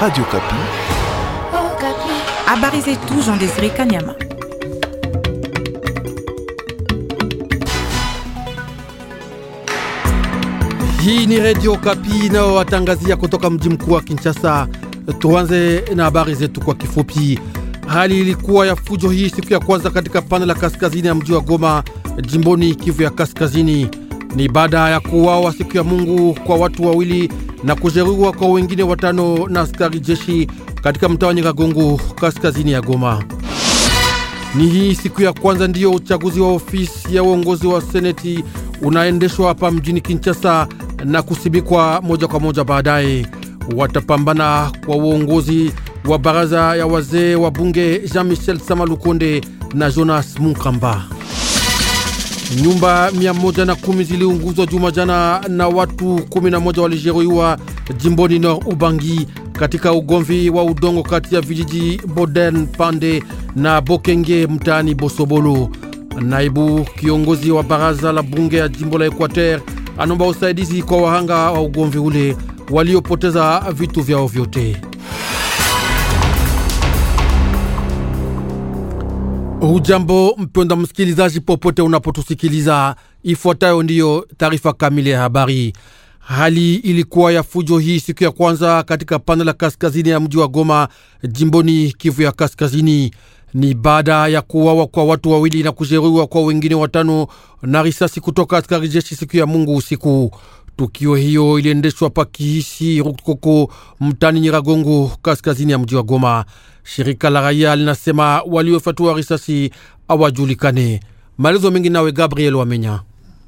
Radio Kapi. Oh, zetu Jean Désiré Kanyama. Hii ni Radio Kapi watangazia kutoka mji mkuu wa Kinshasa. Tuanze na habari zetu kwa kifupi. Hali ilikuwa ya fujo hii siku ya kwanza katika pande la kaskazini ya mji wa Goma, jimboni Kivu ya Kaskazini. Ni baada ya kuuawa siku ya Mungu kwa watu wawili na kujeruhiwa kwa wengine watano na askari jeshi katika mtaa wa Nyiragongo kaskazini ya Goma. Ni hii siku ya kwanza ndiyo uchaguzi wa ofisi ya uongozi wa seneti unaendeshwa hapa mjini Kinshasa na kusibikwa moja kwa moja baadaye. Watapambana kwa uongozi wa baraza ya wazee wa bunge Jean Michel Samalukonde na Jonas Munkamba. Nyumba 110 ziliunguzwa juma jana na watu 11 walijeruhiwa jimboni Nord Ubangi katika ugomvi wa udongo kati ya vijiji Boden Pande na Bokenge mtaani Bosobolo. Naibu kiongozi wa baraza la bunge ya jimbo la Equateur anaomba usaidizi kwa wahanga wa ugomvi ule waliopoteza vitu vyao vyote. Hujambo mpenda msikilizaji, popote unapotusikiliza, ifuatayo ndiyo taarifa kamili ya habari. Hali ilikuwa ya fujo hii siku ya kwanza katika pande la kaskazini ya mji wa Goma, jimboni Kivu ya Kaskazini. Ni baada ya kuuawa kwa watu wawili na kujeruhiwa kwa wengine watano na risasi kutoka askari jeshi siku ya Mungu usiku. Tukio hiyo iliendeshwa pa Rukoko, mtani Nyiragongo, kaskazini ya mji wa Goma. Shirika la raia linasema waliofatua risasi awajulikane. Maelezo mengi nawe Gabriel Wamenya.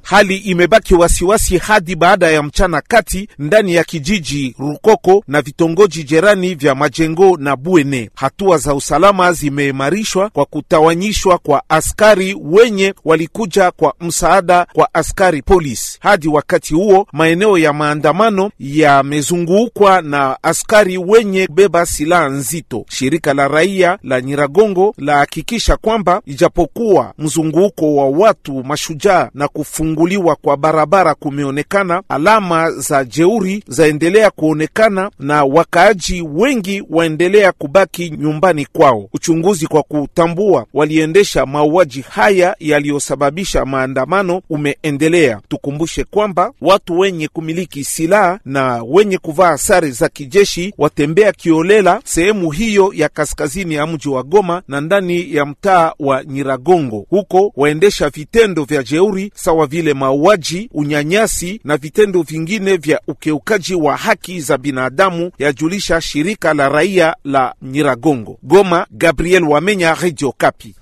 Hali imebaki wasiwasi hadi baada ya mchana kati ndani ya kijiji Rukoko na vitongoji jirani vya Majengo na Bwene. Hatua za usalama zimeimarishwa kwa kutawanyishwa kwa askari wenye walikuja kwa msaada kwa askari polisi. Hadi wakati huo, maeneo ya maandamano yamezungukwa na askari wenye kubeba silaha nzito. Shirika la raia la Nyiragongo lahakikisha kwamba ijapokuwa mzunguko wa watu mashujaa na kufungua kufunguliwa kwa barabara kumeonekana, alama za jeuri zaendelea kuonekana na wakaaji wengi waendelea kubaki nyumbani kwao. Uchunguzi kwa kutambua waliendesha mauaji haya yaliyosababisha maandamano umeendelea. Tukumbushe kwamba watu wenye kumiliki silaha na wenye kuvaa sare za kijeshi watembea kiolela sehemu hiyo ya kaskazini ya mji wa Goma na ndani ya mtaa wa Nyiragongo, huko waendesha vitendo vya jeuri sawa vile vile mauaji, unyanyasi na vitendo vingine vya ukiukaji wa haki za binadamu, yajulisha shirika la raia la Nyiragongo. Goma, Gabriel Wamenya, Radio Kapi.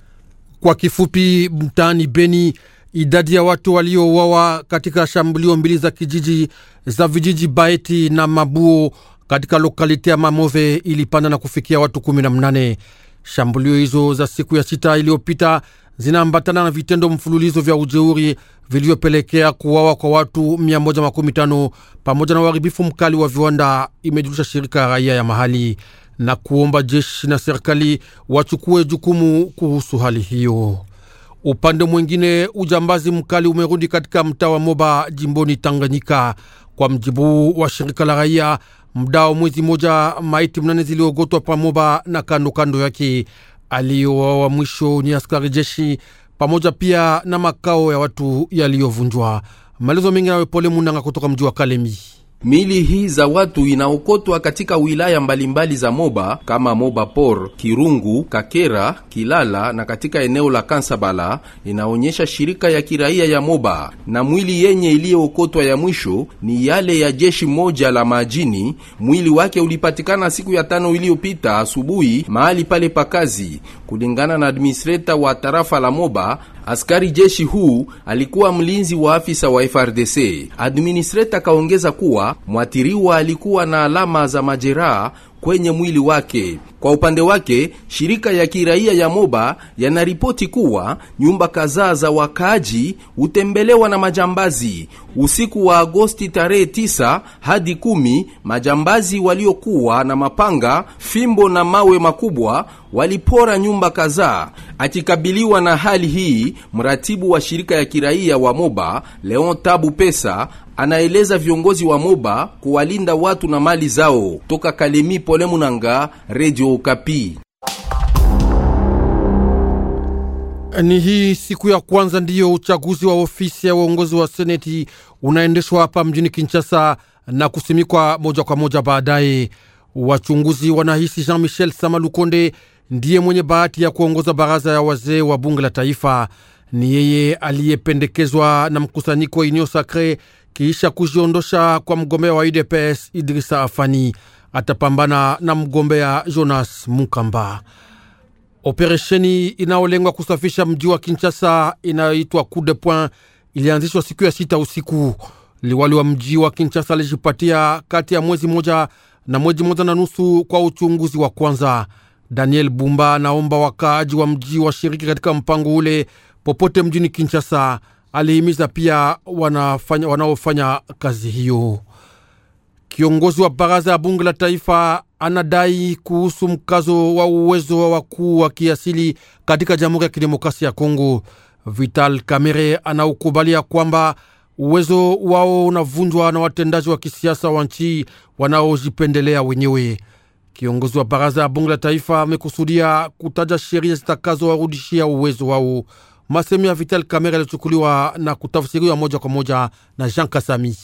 Kwa kifupi, mtaani Beni, idadi ya watu waliouawa katika shambulio mbili za kijiji za vijiji Baeti na Mabuo katika lokalite ya Mamove ilipanda na kufikia watu kumi na mnane Shambulio hizo za siku ya sita iliyopita zinaambatana na vitendo mfululizo vya ujeuri vilivyopelekea kuwawa kwa watu 115 pamoja na uharibifu mkali wa viwanda, imejulisha shirika ya raia ya mahali na kuomba jeshi na serikali wachukue jukumu kuhusu hali hiyo. Upande mwingine, ujambazi mkali umerudi katika mtaa wa Moba jimboni Tanganyika. Kwa mjibu wa shirika la raia, mdao mwezi moja maiti mnane ziliogotwa pa Moba na kandokando kando yake Aliyouawa mwisho ni askari jeshi pamoja pia na makao ya watu yaliyovunjwa. Maelezo mengi nawe Pole Munanga kutoka mji wa Kalemi. Mili hii za watu inaokotwa katika wilaya mbalimbali za Moba kama Moba Por, Kirungu, Kakera, Kilala na katika eneo la Kansabala, inaonyesha shirika ya kiraia ya Moba. Na mwili yenye iliyookotwa ya mwisho ni yale ya jeshi moja la majini. Mwili wake ulipatikana siku ya tano iliyopita asubuhi mahali pale pakazi kulingana na administreta wa tarafa la Moba. Askari jeshi huu alikuwa mlinzi wa afisa wa FRDC. Administrator kaongeza kuwa mwathiriwa alikuwa na alama za majeraha kwenye mwili wake. Kwa upande wake, shirika ya kiraia ya Moba yanaripoti kuwa nyumba kadhaa za wakaaji hutembelewa na majambazi usiku wa Agosti tarehe 9 hadi 10. Majambazi waliokuwa na mapanga, fimbo na mawe makubwa walipora nyumba kadhaa. Akikabiliwa na hali hii, mratibu wa shirika ya kiraia wa Moba Leon Tabu Pesa anaeleza viongozi wa Moba kuwalinda watu na mali zao. Toka Kalemi, Pole Munanga, Radio Okapi. Ni hii siku ya kwanza ndiyo uchaguzi wa ofisi ya uongozi wa seneti unaendeshwa hapa mjini Kinshasa na kusimikwa moja kwa moja baadaye. Wachunguzi wanahisi Jean Michel Samalukonde ndiye mwenye bahati ya kuongoza baraza ya wazee wa bunge la taifa. Ni yeye aliyependekezwa na mkusanyiko Union Sacre kisha kujiondosha kwa mgombea wa UDPS Idrisa Afani atapambana na mgombea Jonas Mukamba. Operesheni inayolengwa kusafisha mji wa Kinshasa inayoitwa Coup de Point ilianzishwa siku ya sita usiku. Liwali wa mji wa Kinshasa alijipatia kati ya mwezi moja na mwezi moja na nusu kwa uchunguzi wa kwanza. Daniel Bumba anaomba wakaaji wa mji washiriki katika mpango ule popote mjini Kinshasa alihimiza pia wanafanya, wanaofanya kazi hiyo. Kiongozi wa baraza ya bunge la taifa anadai kuhusu mkazo wa uwezo wa wakuu wa kiasili katika Jamhuri ya Kidemokrasia ya Kongo. Vital Kamerhe anaukubalia kwamba uwezo wao unavunjwa na watendaji wa kisiasa wa nchi wanaojipendelea wenyewe. Kiongozi wa baraza ya bunge la taifa amekusudia kutaja sheria zitakazowarudishia uwezo wao. Masemi ya Vital Kamera yalichukuliwa na kutafsiriwa moja kwa moja na Jean Kasami.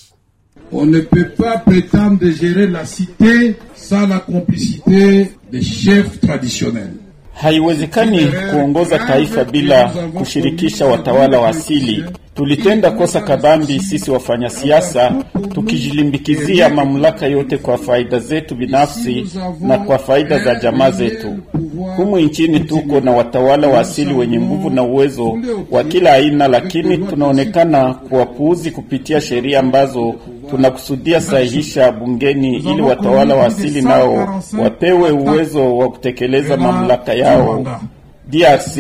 On ne peut pas prétendre de gérer la cité sans la complicité des chefs traditionnels. Haiwezekani kuongoza taifa bila kushirikisha watawala wa asili. Tulitenda kosa kadhambi sisi wafanya siasa tukijilimbikizia mamlaka yote kwa faida zetu binafsi na kwa faida za jamaa zetu. Humu nchini tuko na watawala wa asili wenye nguvu na uwezo wa kila aina, lakini tunaonekana kuwapuuzi kupitia sheria ambazo tunakusudia sahihisha bungeni ili watawala wa asili nao wapewe uwezo wa kutekeleza mamlaka yao. DRC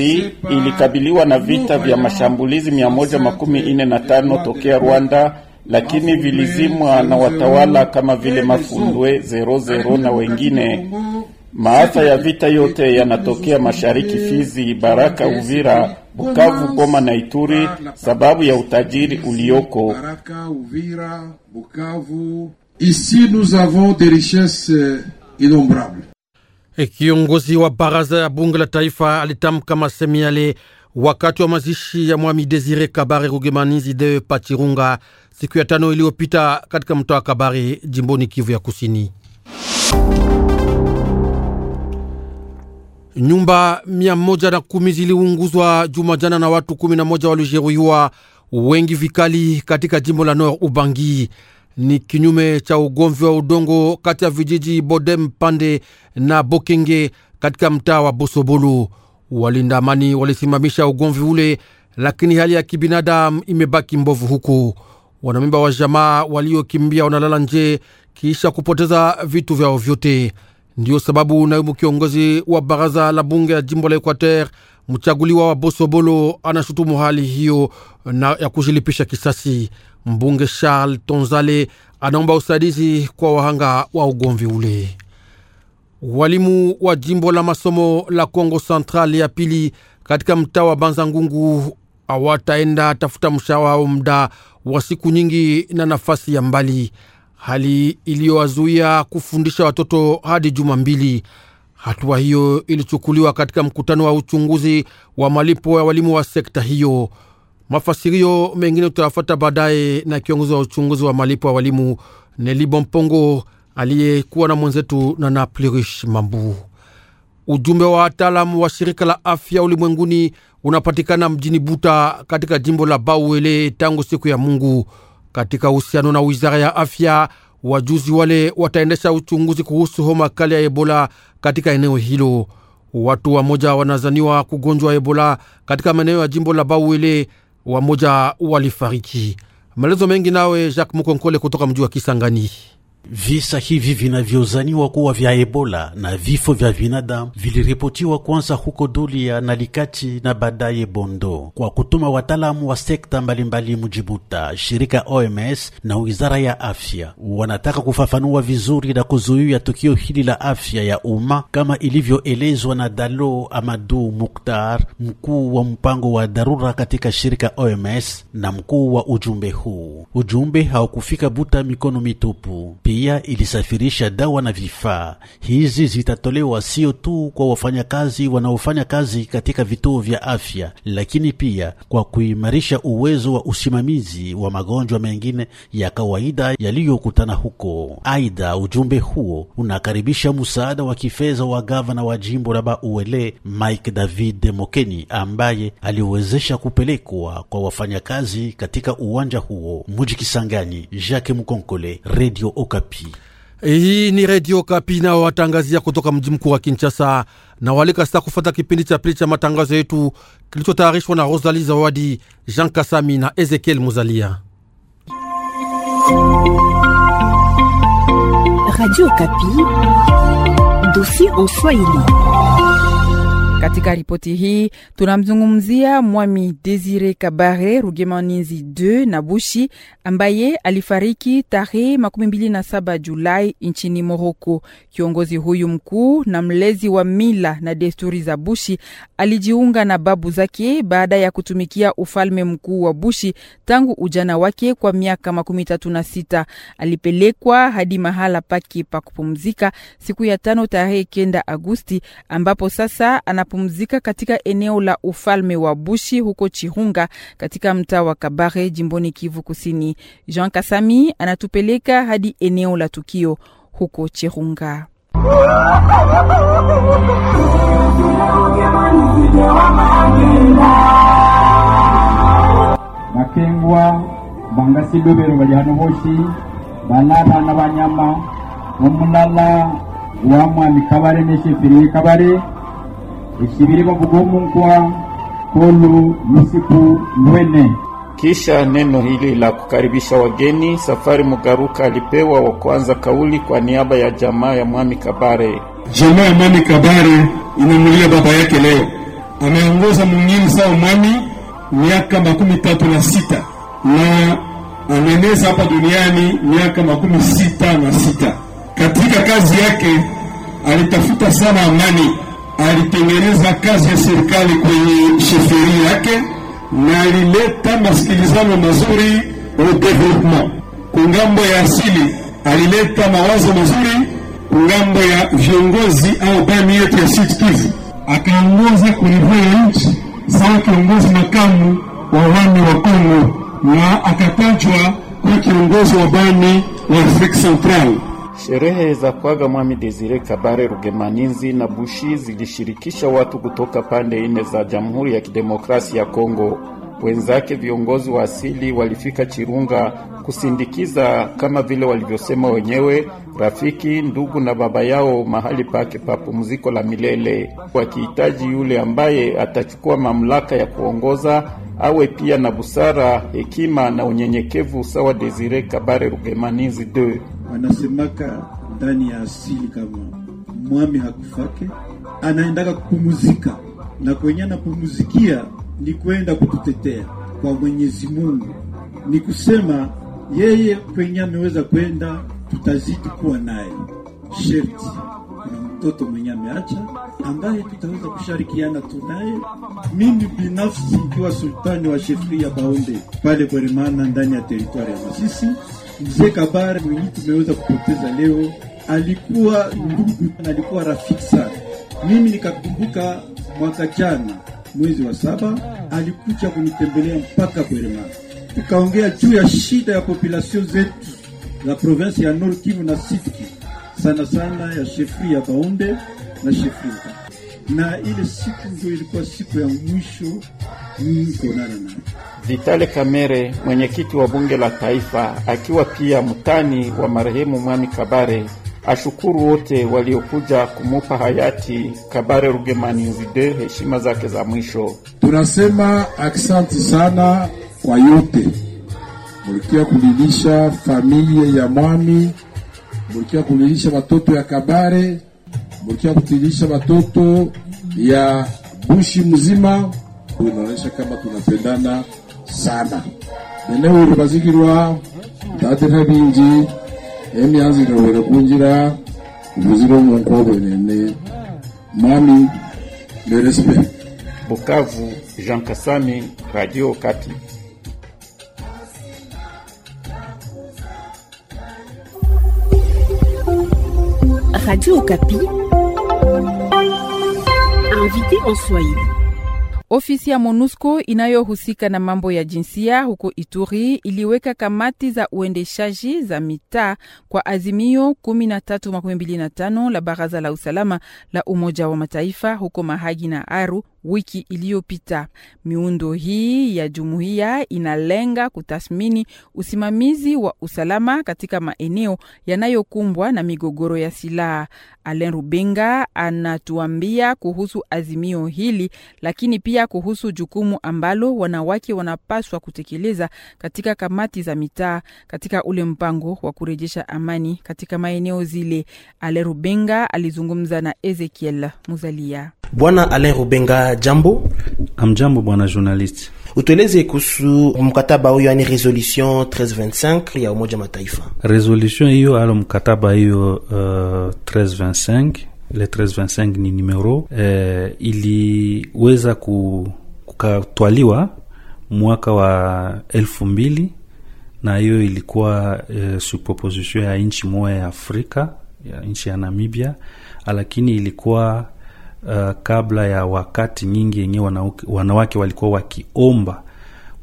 ilikabiliwa na vita vya mashambulizi 145 tokea Rwanda, lakini vilizimwa na watawala kama vile Mafundwe 00 na wengine. Maafa ya vita yote yanatokea mashariki: Fizi, Baraka, Uvira, Bukavu, Goma na Ituri, sababu ya utajiri ulioko. E, kiongozi wa baraza ya bunge la taifa alitamka masemi yale wakati wa mazishi ya Mwami Desire Kabare Rugemanizi de Pachirunga siku ya tano iliyopita katika mtaa wa Kabare, jimboni Kivu ya Kusini. Nyumba mia moja na kumi ziliunguzwa juma jana na watu kumi na moja walijeruhiwa wengi vikali katika jimbo la Nord Ubangi. Ni kinyume cha ugomvi wa udongo kati ya vijiji Bodem Pande na Bokenge katika mtaa wa Bosobolu. Walinda amani walisimamisha ugomvi ule, lakini hali ya kibinadamu imebaki mbovu huku. Wanamemba wa jamaa waliokimbia wanalala nje kisha kupoteza vitu vyao vyote. Ndiyo sababu naibu kiongozi wa baraza la bunge ya jimbo la Equateur mchaguliwa wa Bosobolo anashutumu hali hiyo na ya kujilipisha kisasi. Mbunge Charles Tonzale anaomba usaidizi kwa wahanga wa ugomvi ule. Walimu wa jimbo la masomo la congo Central ya pili katika mtaa wa Banza Ngungu awataenda tafuta mshahara wao muda wa siku nyingi na nafasi ya mbali hali iliyowazuia kufundisha watoto hadi juma mbili. Hatua hiyo ilichukuliwa katika mkutano wa uchunguzi wa malipo ya walimu wa sekta hiyo. Mafasirio mengine tutayafata baadaye na kiongozi wa uchunguzi wa malipo ya walimu Neli Bompongo aliyekuwa na mwenzetu na Naplirish Mambu. Ujumbe wa wataalamu wa shirika la afya ulimwenguni unapatikana mjini Buta katika jimbo la Bauele tangu siku ya Mungu katika uhusiano na wizara ya afya. Wajuzi wale wataendesha uchunguzi kuhusu homa kali ya Ebola katika eneo hilo. Watu wamoja wanazaniwa kugonjwa Ebola katika maeneo ya jimbo la Bauele, wamoja walifariki. Maelezo mengi nawe Jacques Mukonkole kutoka mji wa Kisangani. Visa hivi vinavyozaniwa kuwa vya Ebola na vifo vya binadamu viliripotiwa kwanza huko Dulia na Likati na baadaye Bondo, kwa kutuma wataalamu wa sekta mbalimbali Mujibuta. Shirika OMS na wizara ya afya wanataka kufafanua vizuri na kuzuia tukio hili la afya ya umma, kama ilivyoelezwa na Dalo Amadu Muktar, mkuu wa mpango wa dharura katika shirika OMS na mkuu wa ujumbe huu. Ujumbe haukufika Buta mikono mitupu pia ilisafirisha dawa na vifaa. Hizi zitatolewa sio tu kwa wafanyakazi wanaofanya kazi katika vituo vya afya, lakini pia kwa kuimarisha uwezo wa usimamizi wa magonjwa mengine ya kawaida yaliyokutana huko. Aidha, ujumbe huo unakaribisha msaada wa kifedha wa gavana wa jimbo la Bauele Mike David Mokeni ambaye aliwezesha kupelekwa kwa wafanyakazi katika uwanja huo. Muji Kisangani, Jacques Mkonkole, Radio Okapi. Okapi. Hii ni redio Kapi inayowatangazia kutoka mji mkuu wa Kinshasa na walika sasa kufata kipindi cha pili cha matangazo yetu kilichotayarishwa na Rosali Zawadi, Jean Kasami na Ezekiel Muzalia. Radio Kapi, dosi en Swahili. Katika ripoti hii tunamzungumzia Mwami Desire Kabare Rugemaninzi 2 na Bushi ambaye alifariki tarehe 27 Julai nchini Moroko. Kiongozi huyu mkuu na mlezi wa mila na desturi za Bushi alijiunga na babu zake baada ya kutumikia ufalme mkuu wa Bushi tangu ujana wake kwa miaka 36. Alipelekwa hadi mahala pake pa kupumzika siku ya tano tarehe kenda Agosti ambapo sasa ana anapumzika katika eneo la ufalme wa Bushi huko Chirunga katika mtaa wa Kabare jimboni Kivu Kusini. Jean Kasami anatupeleka hadi eneo la tukio huko Chihunga. Makengwa bangasi bebero bali boshi banyama omulala wa mwami kabare neshefiri kabare ikibiribwa bugumu nkwa kolu lusiku lwene. Kisha neno hili la kukaribisha wageni, Safari Mugaruka alipewa wa kwanza kauli kwa niaba ya jamaa ya Mwami Kabare. Jamaa ya Mwami Kabare inamulia baba yake leo, ameongoza mwingine sawa mwami miaka makumi tatu na sita na ameneza hapa duniani miaka makumi sita na sita. Katika kazi yake alitafuta sana amani alitengeneza kazi ya serikali kwenye sheferi yake na alileta masikilizano mazuri au development. Kungambo ya asili alileta mawazo mazuri kungambo ya viongozi au damu yetu ya Sud Kivu, akaongoza kulivua ya nchi sawa kiongozi makamu wa wami wa Kongo na akatajwa kwa kiongozi wa bani wa Afrika Central. Sherehe za kuaga Mwami Desire Kabare Rugemaninzi na Bushi zilishirikisha watu kutoka pande nne za Jamhuri ya Kidemokrasia ya Kongo. Wenzake viongozi wa asili walifika Chirunga kusindikiza, kama vile walivyosema wenyewe, rafiki, ndugu na baba yao mahali pake pa pumziko la milele, wakihitaji yule ambaye atachukua mamlaka ya kuongoza awe pia na busara, hekima na unyenyekevu sawa Desire Kabare Rugemaninzi II wanasemaka ndani ya asili kama mwami hakufake, anaendaka kupumuzika na kwenye anapumuzikia ni kwenda kututetea kwa Mwenyezi Mungu, ni kusema yeye kwenye ameweza kwenda, tutazidi kuwa naye sherti. Kuna mtoto mwenye ameacha ambaye tutaweza kushirikiana tunaye. Mimi binafsi ikiwa sultani wa shefria Baonde pale Bweremana ndani ya teritwari ya Masisi Mzee Kabare mwenye tumeweza kupoteza leo alikuwa ndugu, alikuwa rafiki sana. Mimi nikakumbuka mwaka jana mwezi wa saba alikuja kunitembelea mpaka Kwerema, tukaongea juu ya shida ya population zetu za province ya Nord Kivu na Sud Kivu, sana sana ya shefri ya Baonde na shefri na ile siku ndio ilikuwa siku ya mwisho niko nana naye. Vitale Kamere, mwenyekiti wa bunge la taifa, akiwa pia mtani wa marehemu Mwami Kabare, ashukuru wote waliokuja kumupa hayati Kabare Uvide heshima zake za mwisho. Tunasema aksanti sana kwa yote mulikia kulilisha familia ya Mwami, mulikia kulilisha watoto ya Kabare mkia kutilisha watoto ya bushi mzima, inaonyesha kama tunapendana sana eneo rubazigirwa tatera bingi emyanzirowere kunjira ubuzira omunku nene mwami le respect Bukavu Jean Kasami Radio Kati Radio Okapi, invité en Swahili. Ofisi ya MONUSCO inayohusika na mambo ya jinsia huko Ituri iliweka kamati za uendeshaji za mitaa kwa azimio 1325 la Baraza la Usalama la Umoja wa Mataifa huko Mahagi na Aru wiki iliyopita. Miundo hii ya jumuiya inalenga kutathmini usimamizi wa usalama katika maeneo yanayokumbwa na migogoro ya silaha. Alen Rubenga anatuambia kuhusu azimio hili, lakini pia kuhusu jukumu ambalo wanawake wanapaswa kutekeleza katika kamati za mitaa katika ule mpango wa kurejesha amani katika maeneo zile. Alen Rubenga alizungumza na Ezekiel Muzalia. Bwana Alain Rubenga Jambo. Amjambo bwana journalist, utueleze kuhusu mkataba huyo, yani resolution 1325 ya Umoja Mataifa. Resolution hiyo alo mkataba hiyo uh, 1325 le 1325 ni numero uh, iliweza kukatwaliwa mwaka wa elfu mbili na hiyo ilikuwa uh, su proposition ya nchi moja ya Afrika ya nchi ya Namibia, lakini ilikuwa uh, kabla ya wakati nyingi yenyewe wanawake walikuwa wakiomba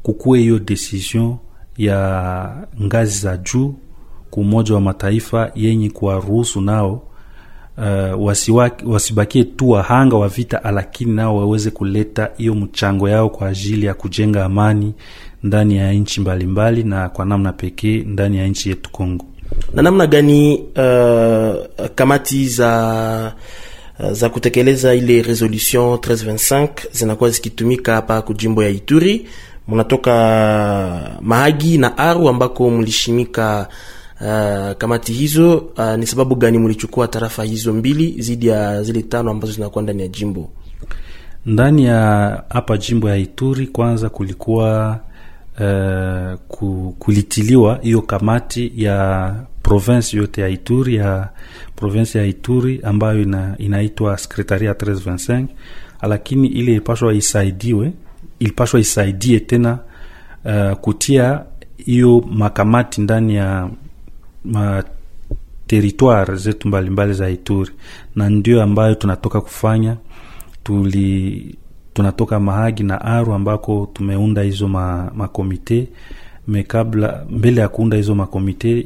kukuwe hiyo decision ya ngazi za juu umoja wa mataifa yenye kuwaruhusu nao uh, wasibakie tu wahanga wa vita, lakini nao waweze kuleta hiyo mchango yao kwa ajili ya kujenga amani ndani ya nchi mbalimbali na kwa namna pekee ndani ya nchi yetu Kongo. Na namna gani uh, kamati za Euh, za kutekeleza ile resolution 1325 zinakuwa zikitumika hapa kujimbo ya Ituri. Munatoka Mahagi na Aru ambako mlishimika uh, kamati hizo. Uh, ni sababu gani mulichukua tarafa hizo mbili zidi ya zile tano ambazo zinakuwa ndani ya jimbo ndani ya hapa jimbo ya Ituri? Kwanza kulikuwa uh, kulitiliwa hiyo kamati ya province yote ya Ituri ya province ya Ituri ambayo ina, inaitwa sekretaria 1325 lakini ile ilipashwa isaidiwe, ilipashwa isaidie tena uh, kutia hiyo makamati ndani ya ma, territoire zetu mbalimbali za Ituri, na ndio ambayo tunatoka kufanya tuli tunatoka Mahagi na Aru ambako tumeunda hizo makomite ma me kabla mbele ya kuunda hizo makomite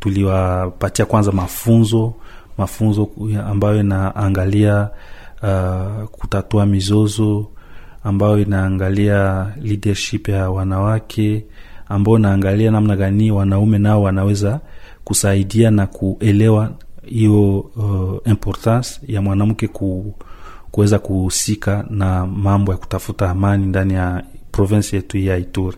tuliwapatia kwanza mafunzo mafunzo ambayo inaangalia uh, kutatua mizozo ambayo inaangalia leadership ya wanawake ambayo inaangalia namna gani wanaume nao wanaweza kusaidia na kuelewa hiyo uh, importance ya mwanamke ku, kuweza kuhusika na mambo ya kutafuta amani ndani ya province yetu ya Ituri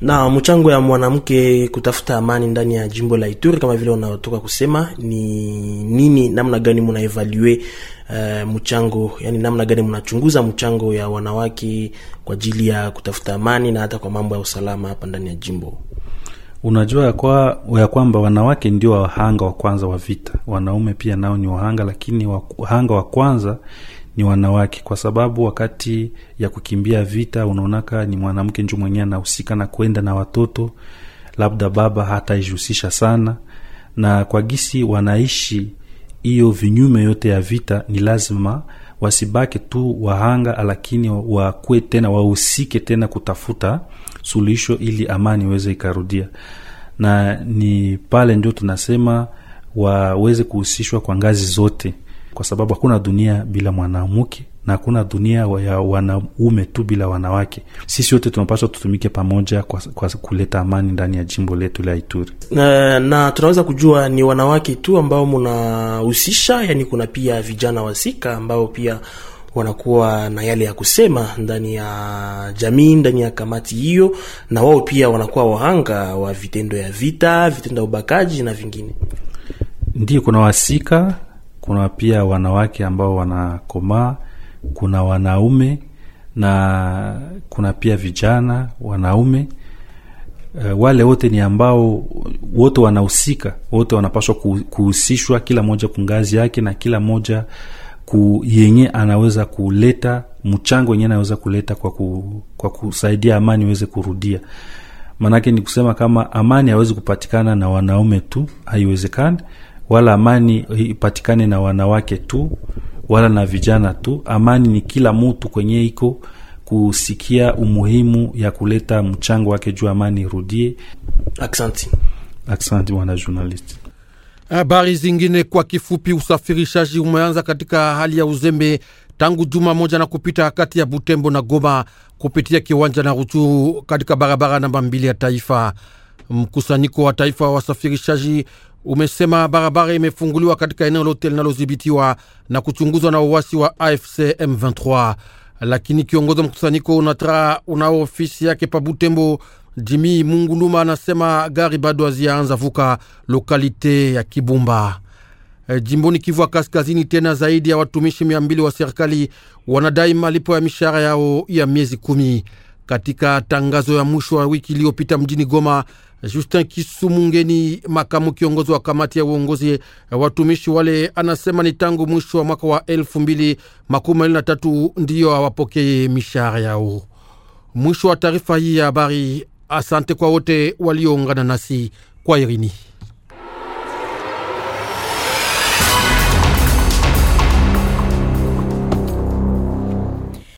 na mchango ya mwanamke kutafuta amani ndani ya jimbo la Ituri kama vile unatoka kusema ni nini, namna gani mnaevalue uh, eh, mchango yani, namna gani mnachunguza mchango ya wanawake kwa ajili ya kutafuta amani na hata kwa mambo ya usalama hapa ndani ya jimbo? Unajua ya, kwa, ya kwamba wanawake ndio wahanga wa kwanza wa vita. Wanaume pia nao ni wahanga, lakini wahanga wa kwanza ni wanawake kwa sababu wakati ya kukimbia vita unaonaka ni mwanamke nju mwenyewe anahusika na kwenda na watoto labda baba hataijihusisha sana na kwa gisi wanaishi hiyo vinyume yote ya vita ni lazima wasibake tu wahanga lakini wakue tena wahusike tena kutafuta suluhisho ili amani iweze ikarudia na ni pale ndio tunasema waweze kuhusishwa kwa ngazi zote kwa sababu hakuna dunia bila mwanamke na hakuna dunia ya wanaume tu bila wanawake. Sisi wote tunapaswa tutumike pamoja kwa, kwa kuleta amani ndani ya jimbo letu la Ituri. Na, na tunaweza kujua ni wanawake tu ambao mnahusisha, yani kuna pia vijana wasika ambao pia wanakuwa na yale ya kusema ndani ya jamii, ndani ya kamati hiyo, na wao pia wanakuwa wahanga wa vitendo ya vita, vitendo ya ubakaji na vingine. Ndio, kuna wasika kuna pia wanawake ambao wanakomaa, kuna wanaume na kuna pia vijana wanaume. Uh, wale wote ni ambao wote wanahusika, wote wanapaswa kuhusishwa, kila moja kungazi yake na kila moja yenye anaweza kuleta mchango wenyewe anaweza kuleta kwa, ku, kwa kusaidia amani iweze kurudia. Maanake ni kusema kama amani hawezi kupatikana na wanaume tu, haiwezekani wala amani ipatikane na wanawake tu wala na vijana tu. Amani ni kila mutu kwenye iko kusikia umuhimu ya kuleta mchango wake juu amani irudie. Aksanti, aksanti bwana journalist. Habari zingine kwa kifupi. Usafirishaji umeanza katika hali ya uzembe tangu juma moja na kupita kati ya Butembo na Goma kupitia kiwanja na Ruchuru katika barabara namba mbili ya taifa. Mkusanyiko wa taifa wa wasafirishaji umesema barabara imefunguliwa katika eneo lote linalodhibitiwa na kuchunguzwa na uwasi wa AFC M23, lakini kiongozi wa mkusanyiko unatra unao ofisi yake pa Butembo, Jimi Munguluma, anasema gari bado hazianza vuka lokalite ya Kibumba. E, jimboni Kivu Kaskazini, tena zaidi ya watumishi mia mbili wa serikali wanadai malipo ya mishahara yao ya miezi kumi. Katika tangazo ya mwisho wa wiki iliyopita mjini Goma, Justin Kisumungeni, makamu kiongozi wa kamati ya uongozi watumishi wale, anasema ni tangu mwisho wa mwaka wa elfu mbili makumi mbili na tatu ndiyo hawapokee mishahara yao. Mwisho wa taarifa hii ya habari. Asante kwa wote walioungana nasi kwa irini.